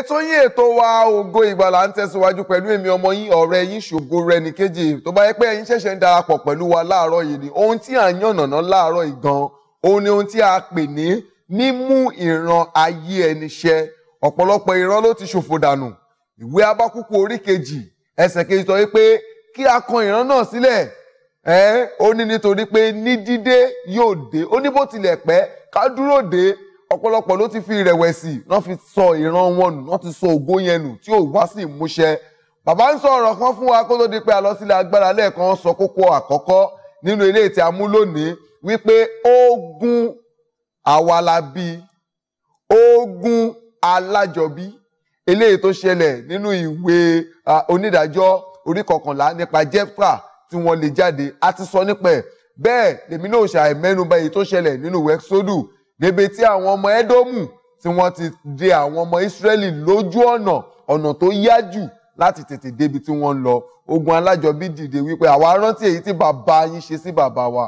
ètò yín ètò wa ògo ìgbàlà ń tẹ̀síwájú pẹ̀lú èmi ọmọ yín ọ̀rẹ́ yín ṣògo rẹ̀ ní kejì tó bá yẹ pé ẹ̀yin ṣẹ̀ṣẹ̀ ń darapọ̀ pẹ̀lú wa láàárọ̀ yìí ni ohun tí à ń yànnàná láàárọ̀ yìí gan òun ni ohun tí a pè ní mímú ìran ayé ẹni ṣẹ ọ̀pọ̀lọpọ̀ ìran ló ti ṣòfò dànù ìwé abákúkú orí kejì ẹsẹ̀ kejì sọ wípé kí a kan ìran náà sílẹ̀ ẹ́ ó ní nítorí pé ní dídé yóò dé ó ní bó tilẹ̀ pẹ́ ká dúró dé ọ̀pọ̀lọpọ̀ ló ti fi ìrẹ̀wẹ̀sì náà fi sọ ìran wọn nù náà ti sọ ògo yẹn nù tí ò wá sí ìmúṣẹ bàbá ń sọ ọ̀rọ̀ kan fún wa kó tó di pé àlọsílẹ̀ agbára lẹ́ẹ̀kan sọ kókó àkọ́kọ́ nínú ilé tí a wípé ogun awalabi, ogun alájọbí eléyìí tó ṣẹlẹ̀ nínú ìwé onídàájọ́ orí kọkànlá nípa jepra tí wọ́n lè jáde a ti sọ nípa ẹ̀ bẹ́ẹ̀ lèmi náà ṣàì mẹ́nuba èyí tó ṣẹlẹ̀ nínú ìwé sódù débi tí àwọn ọmọ Édómù tí wọ́n ti de àwọn ọmọ Israeli lójú ọ̀nà ọ̀nà tó yá jù láti tètè débi tí wọ́n ń lọ ogun alájọbí dìde wípé àwa rántí èyí tí bàbá yín ṣe sí bàbá wa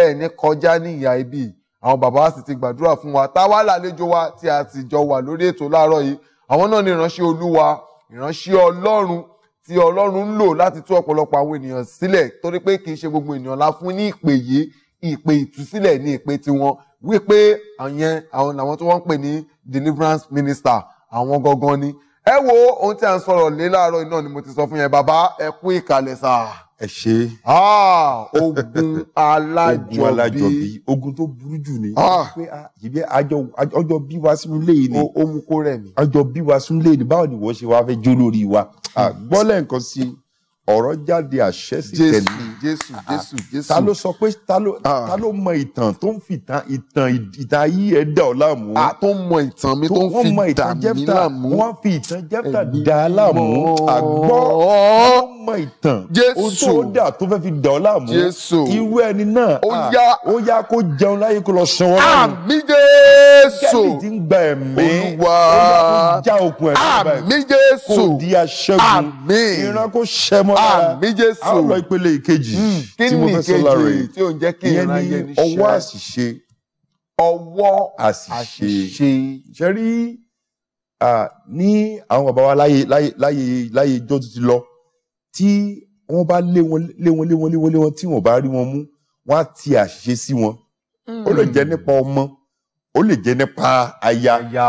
ẹ ní kọjá ní ìyà ibi àwọn bàbá wa sì ti gbàdúrà fún wa táwa làlejò wa tí a ti jọ wà lórí ètò láàárọ̀ yìí àwọn náà ni ìránṣẹ́ Olúwa ìránṣẹ́ Ọlọ́run tí Ọlọ́run ń lò láti tú ọ̀pọ̀lọpọ̀ àwọn ènìyàn sílẹ̀ torí pé kì í ṣe gbogbo ènìyàn la fún ní ìpè yìí ìpè ìtúsílẹ̀ ní ìpè tiwọn wípé àyẹn àwọn làwọn tí wọ́n ń pè ní deliverance minister àwọn gangan ni ẹ wo ohun tí a ń sọ̀rọ̀ lé láàárọ̀ iná ni mo ti sọ fún yẹn bàbá ẹ kú ìkàlẹ̀ sáà ẹ ṣe. ogun alájọbí ogun alájọbí ogun tó burú jù ni. pé ìdí àjọ bí wa sínú ilé yìí ni. ó mú kó rẹ̀ ni. àjọ bí wa sínú ilé yìí ni báwo ni wọ́n ṣe wá fẹ́ jó lórí wa. gbọ́lẹ̀ nǹkan sí i ọ̀rọ̀ jáde àṣẹ sì tẹ̀lé jésù ah, ah. jésù jésù ta ló sọ pé ta ló ah. ta ló mọ ìtàn tó ń fi ìtàn ìtàn ìta yí ẹ̀dá ọ̀làmú. a tó mọ ìtàn mi tó ń fi dà mí láàmú wọ́n fi ìtàn jẹ́pítà dà á láàmú àgbọ̀ mọ ìtàn oṣù ọdà tó fẹ́ fi dà ọ́ láàmú irú ẹni náà ó yá kó jẹun láyé kó lọ sanwó lọ́wọ́ àmì Jésù kẹ́lí ti ń gba ẹ̀mí olúwa ó yá kó já okùn ẹ̀mí àmì Jésù kó di aṣẹ́gun àmì ìran kó ṣẹ mọ́ lára àmì Jésù àwọn ọ̀rọ̀ ìpele ìkejì hmm, tí mo fẹ́ sọ lára rẹ̀ ìyẹn ní ọwọ́ àṣìṣe ọwọ́ àṣìṣe ṣe rí ní àwọn bàbá wa láyé láyé láyé láyé ijó ti lọ tí wọ́n bá lé wọn lé wọn lé wọn lé wọn lé wọn tí wọ́n bá rí wọn mú wọ́n á ti àṣìṣe sí wọn ó lè jẹ́ nípa ọmọ ó lè jẹ́ nípa aya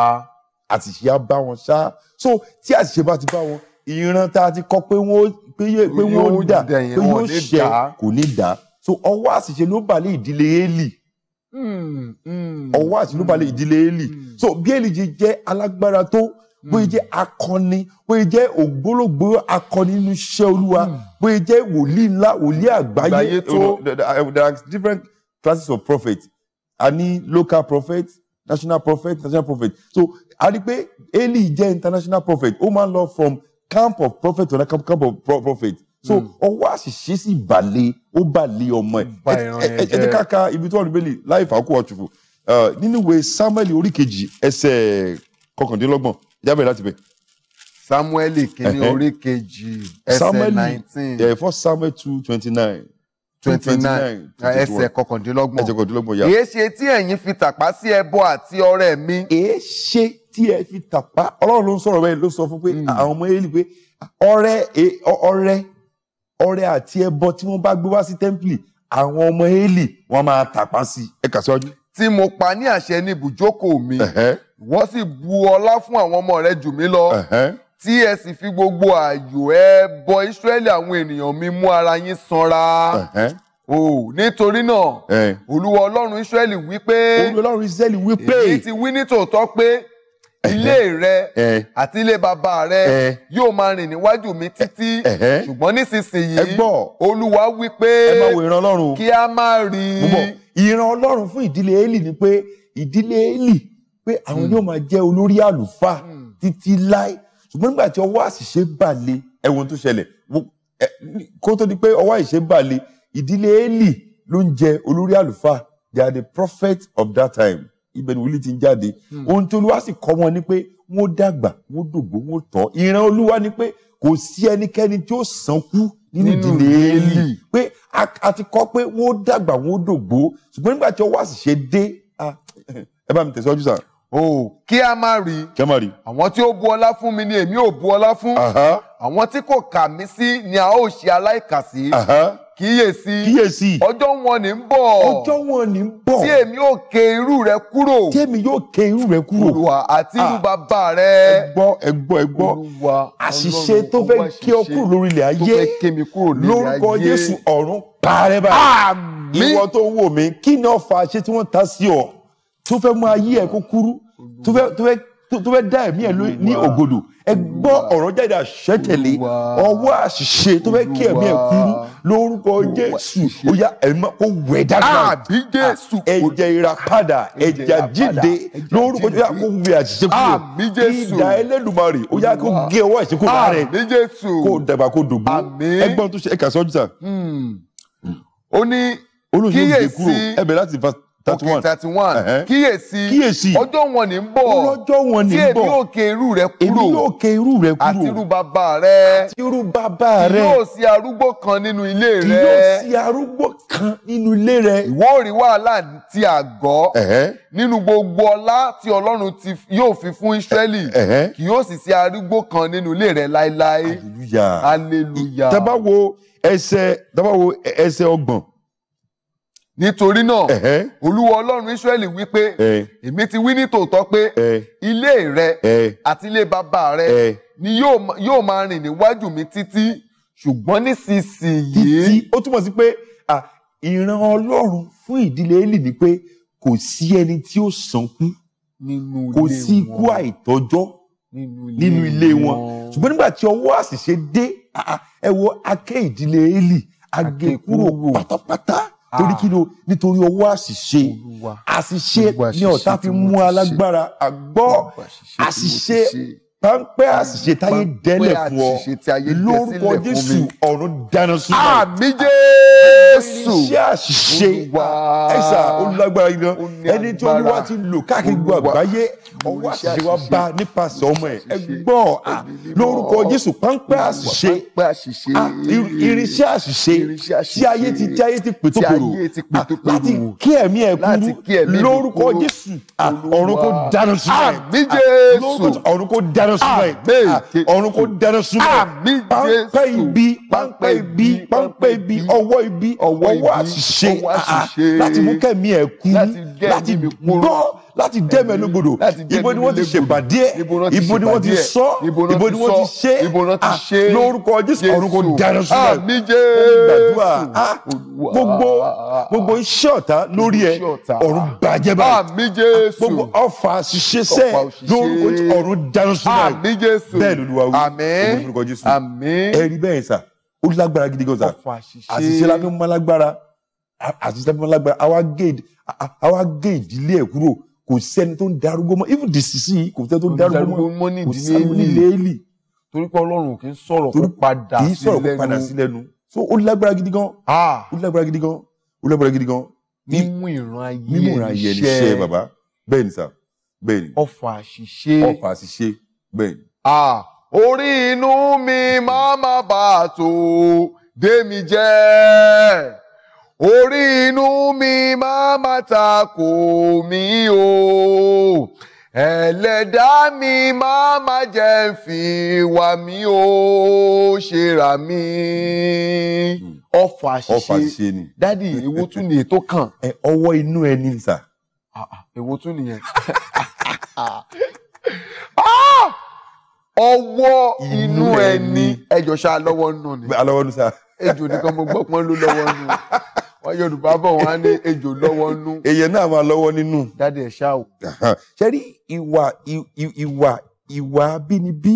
àṣìṣe á bá wọn ṣá so tí àṣìṣe bá ti bá wọn ìran tá a ti kọ pé wọ́n pé wọ́n dà pé wọ́n ṣe kò ní dà so ọwọ́ àṣìṣe ló balẹ̀ ìdílé Élì hmm, hmm. ọwọ́ àṣìṣe ló balẹ̀ ìdílé Élì hmm. so bí Élì jẹ́ alágbára tó bóyá jẹ́ akọni bóyá jẹ́ ògbólógbòó akọni nínú iṣẹ́ olúwa hmm. bóyá jẹ́ wòlíì ńlá wòlíì àgbáyé tó. there are different classes of prophets a ní local prophet national prophet national prophet so a rí pé Eli jẹ́ international prophet ó máa ń lọ from camp of prophet to camp, camp of pro prophet so hmm. ọwọ́ àṣìṣe sì balẹ̀ ó balẹ̀ ọmọ ẹ̀ ẹ jẹ́ ká ka ibi tó wà níbẹ̀ lè láì fàákù ọ̀tùfù uh, nínú ìwé Samuel orí kejì ẹsẹ̀ kọkàndínlọ́gbọ̀n jábẹ̀ láti bẹ̀. samuel kìíní orí kejì ẹsẹ̀ nineteen. ẹ̀ eh, fọ́ samuel two twenty nine twenty nine ẹsẹ̀ kọkàndínlọ́gbọ̀n ẹsẹ̀ kọkàndínlọ́gbọ̀n yà. èé ṣe tí ẹ̀yin fi tàpá sí ẹbọ àti ọrẹ mi. èé ṣe tí ẹ fi tàpá ọlọ́run ló ń sọ̀rọ̀ bẹ́ẹ̀ ló sọ fún pé hmm. àwọn ọmọ yẹn pé ọrẹ e, ọrẹ ọrẹ àti ẹbọ tí wọ́n bá gbé wá sí tẹ́ḿpìlì àwọn ọmọ Élì wọ́n máa tàpá sí ẹ̀ka síwájú tí mo pa ní àṣẹ ní ibùjókòó mi wọ́n sì bu ọlá fún àwọn ọmọ rẹ jù mí lọ tí ẹ sì fi gbogbo ààyò ẹ bọ Ísírẹ́lì àwọn ènìyàn mi mú ara yín sanra o nítorí náà Olúwa Ọlọ́run Ísírẹ́lì wí pé Olúwa Ọlọ́run Ísírẹ́lì wí pé èyí ti wí nítòótọ́ pé ilé rẹ àti ilé bàbá rẹ yóò máa rìn níwájú mi títí ṣùgbọ́n nísinsìnyí olúwa wí pé kí a máa rí. ìran ọlọ́run fún ìdílé eli ni pé ìdílé eli pé àwọn hmm. yóò máa jẹ́ olórí àlùfáà hmm. títí láì ṣùgbọ́n nígbà tí ọwọ́ àṣìṣe balẹ̀ ẹ̀wọ̀n tó ṣẹlẹ̀ kó tó di pé ọwọ́ àṣìṣe balẹ̀ ìdílé eli ló ń jẹ olórí àlùfáà they are the prophet of that time ibẹ̀ ni wòlíì ti ń jáde hmm. ohun tí olúwa sì kọ́ wọn ni pé wọ́n dàgbà wọ́n dògbó wọ́n tọ́ ìran olúwa ni pé kò sí ẹnikẹ́ni tí ó sànkú nínú ìdílé Élì pé a ti kọ́ pé wọ́n dàgbà wọ́n dògbó ṣùgbọ́n nígbà tí ọwọ́ àṣìṣe dé ẹ bá mi tẹ̀síwájú sàn o kí a má rí kí a má rí àwọn tí ó bu ọlá fún mi ni èmi ò bu ọlá fún àwọn tí kò kà mí sí ni a ó ṣe aláìkà kíyèsí kíyèsí ọjọ́ wọn ni ń bọ̀ ọjọ́ wọn ni ń bọ̀ tí èmi yóò ké irú rẹ kúrò tí èmi yóò ké irú rẹ kúrò olùwà àti irú ah. bàbá rẹ ẹgbọ́ ẹgbọ́ ẹgbọ́ àṣìṣe tó fẹ́ ké ọ kúrò lórí ilẹ̀ ayé lórúkọ Jésù ọ̀run parẹ́ báyìí ìwọ tó ń wò mí kí ni ọ̀fà ṣé tí wọ́n ta sí ọ tó fẹ́ mú ayé ẹ̀ kó kúrú tó fẹ́ tó fẹ́ dá ẹ̀mí ẹ̀ ní ògodò ẹ gbọ́ ọ̀rọ̀ jáde àṣẹ́tẹ̀lé ọwọ́ àṣìṣe tó fẹ́ kí ẹ̀mí ẹ̀ kúrú lórúkọ Jésù ó yá ẹ̀mí kó wẹ̀ dáadáa ẹ̀jẹ̀ ìràpadà ẹ̀jẹ̀ jíde lórúkọ Jésù ó yá kó wẹ̀ àṣìṣe kúrò ìdá Ẹlẹ́dùmarè ó yá kó gé ọwọ́ àṣìṣe kúrò rẹ̀ kó dàgbà kó dògbó ẹgbọ́n tó ṣe ẹ̀ka sọ́jú sà. Hmm. ó ní e kíyèsí thirty one thirty one kíyèsí kíyèsí ọjọ́ wọn ni ń bọ̀ ọlọ́jọ́ wọn ni ń bọ̀ tí èmi yóò ké irú rẹ kúrò èmi yóò ké irú rẹ kúrò àti irú bàbá rẹ àti irú bàbá rẹ kì yóò sí arúgbó kan nínú ilé rẹ kì yóò sí arúgbó kan nínú ilé rẹ. ìwọ ò rí wàhálà ti àgọ́ nínú gbogbo ọlá tí ọlọ́run yóò fi fún Ísírẹ́lì kì yóò sì sí arúgbó kan nínú ilé rẹ láéláé hallelujah hallelujah. tá bá wo ẹsẹ̀ tá bá wo ẹsẹ̀ ọgbọ̀n nítorí náà olúwa ọlọ́run ísírẹ́lì wí pé èmi ti wí ní tòótọ́ pé ilé rẹ àti ilé bàbá rẹ ni yóò máa rìn níwájú mi títí ṣùgbọ́n nísinsìnyí. títí ó túmọ̀ sí pé ìran ọlọ́run fún ìdílé Élì ni pé kò sí ẹni tí ó sànkú kò sí ikú àìtọ́jọ́ nínú ilé wọn ṣùgbọ́n nígbà tí ọwọ́ àṣìṣe dé ẹ wo aké ìdílé Élì agé e e kúrò pátápátá torí ah. kí ló nítorí ọwọ́ àṣìṣe àṣìṣe ni ọ̀tá fi mú alágbára àgbọ́ àṣìṣe pẹ́ àṣìṣe táyé dẹ́lẹ̀ fún ọ lórúkọ jésù ọ̀run dáná sún ọ. àmì jésù iṣẹ́ àṣìṣe ẹ̀sà olùlágbára yìí gan ẹni tí olúwa ti lò káàkiri gbogbo àgbáyé ọwọ́ àṣìṣe wa bá nípasẹ̀ ọmọ ẹ̀ ẹ gbọ́ à lórúkọ jésù pẹ́ńpẹ́ àṣìṣe irinṣẹ́ àṣìṣe tí ayé ti tí ayé ti pètòkòrò láti kí ẹ̀mí ẹ̀ kúrú lórúkọ jésù ọ̀run kò dáná sún ẹ̀ lórúkọ ọ̀run kò dáná dáná sunlẹ̀ ọ̀run kò dáná sunlẹ̀ páńpẹ́ ibi páńpẹ́ ibi páńpẹ́ ibi ọwọ́ ibi ọwọ́ àṣìṣe láti mú kẹ́mi ẹ̀ kú láti gbọ́ láti dé mẹ́lúgbòdò ibo ni wọ́n ti ṣèpàdé ẹ̀ ibo ni wọ́n ti sọ ibo ni wọ́n ti ṣe é lórúkọ Jésù orúkọ dáná sílẹ̀ gbàdúrà ah, gbogbo gbogbo iṣẹ́ ọ̀tá lórí ẹ̀ ọ̀run bàjẹ́ báyìí ah, gbogbo ọ̀fà ṣiṣẹ́ sẹ́ lórúkọ ọ̀run dáná sílẹ̀ bẹ́ẹ̀ lóluwa wí lórúkọ Jésù ẹ̀rí bẹ́ẹ̀ sà ó lágbára gidi gan sa àṣìṣe la fi ń mọ lágbára àṣìṣe la fi ń mọ lágbára àwa gé ìdílé ẹ̀ kúrò kò sẹ́ni tó ń darúgbó mọ́ even dìsísì kò sẹ́ni tó ń darúgbó mọ́ kò sẹ́ni ní léèlì. torí pé ọlọ́run kì í sọ̀rọ̀ kó padà sí lẹ́nu kì í sọ̀rọ̀ kó padà sí lẹ́nu so ó lágbára gidi gan ó lágbára gidi gan ó lágbára gidi gan. mímú ìran ayé ní iṣẹ́ bàbá bẹ́ẹ̀ ni sà bẹ́ẹ̀ ni. ọfà àṣìṣe ọfà àṣìṣe bẹ́ẹ̀ ni. orí inú mi máa má bàa tó dé mi jẹ́ orí inú mi máa ma ta kò o ẹlẹ́dá mi máa ma jẹ́ fi wà mí o ṣèrà mi. ọfà àṣìṣe ni dádì èwo tún ni ètò kan. ọwọ́ inú ẹni ń sà. Ah, ah, èwo tún nìyẹn ah! ọwọ́ inú ẹni ẹjọ́ ṣá lọ́wọ́ nù ni. alọ́wọ́ nù sá. ejò nìkan mo gbọ́ pọ́n ló lọ́wọ́ nù. wọn yorùbá bọ̀ wọ́n á ní ejò lọ́wọ́ nú. èèyàn náà máa lọ́wọ́ nínú. dáadé ẹ ṣá o. ṣe rí ìwà ìwà ìwà abínibí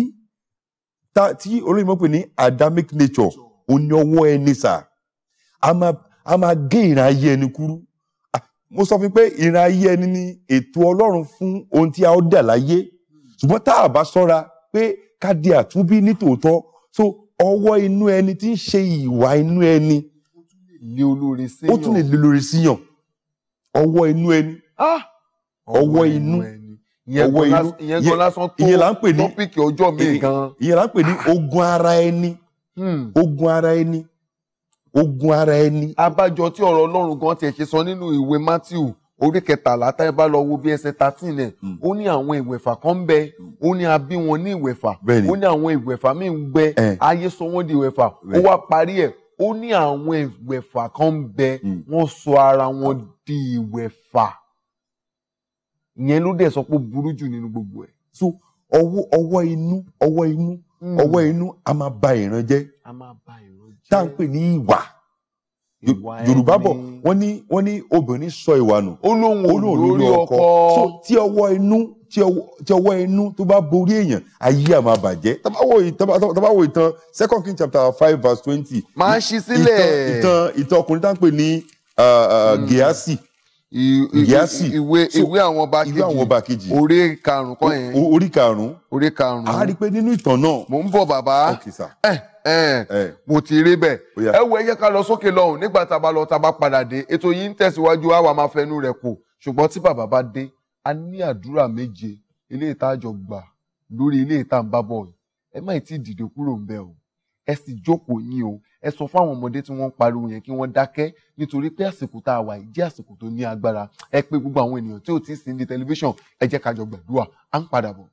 tí olóyìnbó pè ní adamic nature òní ọwọ́ ẹni sà a máa gé ìran ayé ẹni kúrú mo sọ fún pé ìran ayé ẹni ni ètò ọlọ́run fún ohun tí a ó dà láyé ṣùgbọ́n tá a bá ṣọ́ra pé ká di àtúnbí nítòótọ́ so ọwọ́ inú ẹni tí ń ṣe ìwà inú ẹni lé olóore séyàn. ó tún lè lé olóore síyàn ọwọ́ inú ẹni ah! ọwọ́ inú ọwọ́ inú ìyẹn là ń pè ní tọ́pìkì ọjọ́ mi gan. ìyẹn là ń pè ní ah! ogun ara ẹni hmm. ogun ara ẹni ogun ara ẹni. abájọ tí ọ̀rọ̀ ọlọ́run gan tiẹ̀ ṣe sọ nínú ìwé matthew orí kẹtàlá táyé bá lọ wo bí ẹsẹ̀ thirteen ẹ hmm. ó ní àwọn ìwẹ̀fà kan bẹ hmm. ó ní a bí wọn ní ìwẹ̀fà ó ní àwọn ìwẹ̀fà míì ń bẹ ayé sọ wọn di ìwẹ̀fà ó wá parí ẹ ó ní àwọn ìwẹ̀fà kan ń bẹ hmm. wọ́n sọ ara wọn di ìwẹ̀fà ìyẹn ló dẹ̀ sọ pé ó burú jù nínú gbogbo ẹ̀. so ọwọ́ ọwọ́ inú ọwọ́ inú hmm. ọwọ́ inú a máa ba ìran jẹ́ tá à ń pè ní ìwà yorùbá bọ̀ wọ́n ní wọ́n ní obìnrin sọ ìwà nù olóhùn olórí ọkọ so tí ọwọ́ inú tí ọwọ́ inú tó bá borí èèyàn ayé àmà bàjẹ́ tabawo ìtàn second king chapter five verse twenty. máa ṣí sílẹ̀ ìtàn ìtàn ọkùnrin tá à ń pè ní gíásì. Hmm. gíásì ìwé àwọn ọba kejì ìwé àwọn ọba kejì orí karùn-ún kọ́ yẹn orí karùn-ún orí karùn-ún. a rí i pé nínú ìtàn náà. mò ń bọ̀ bàbá eh, eh, eh. mo ti rí bẹ́ẹ̀ ẹ wo ẹ ká lọ sókè lọ́hùn nígbà tá a bá lọ tá a bá padà dé ètò yìí ń tẹ̀síwájú àwa máa fẹnu rẹ̀ kù ṣùgbọ́n tí bàbá bá dé a ní àdúrà méje eléyìí tá a jọ gbà lórí eléyìí tá a ń bá bọ̀ yìí ẹ má ì tí ì dìde kúrò ń bẹ o ẹ sì jókòó yín o ẹ sọ fún àwọn ọmọdé tí wọ́n ń pariwo yẹn kí wọ́n dákẹ́ nítorí pé àsìkò tá a wà yìí jẹ́ àsìkò tó ní agbára ẹ pé gbogbo àwọn ènìyàn tí ò tí ì ní tẹlifíṣàn ẹ jẹ́ ká gbàdúrà à ń padà bọ̀.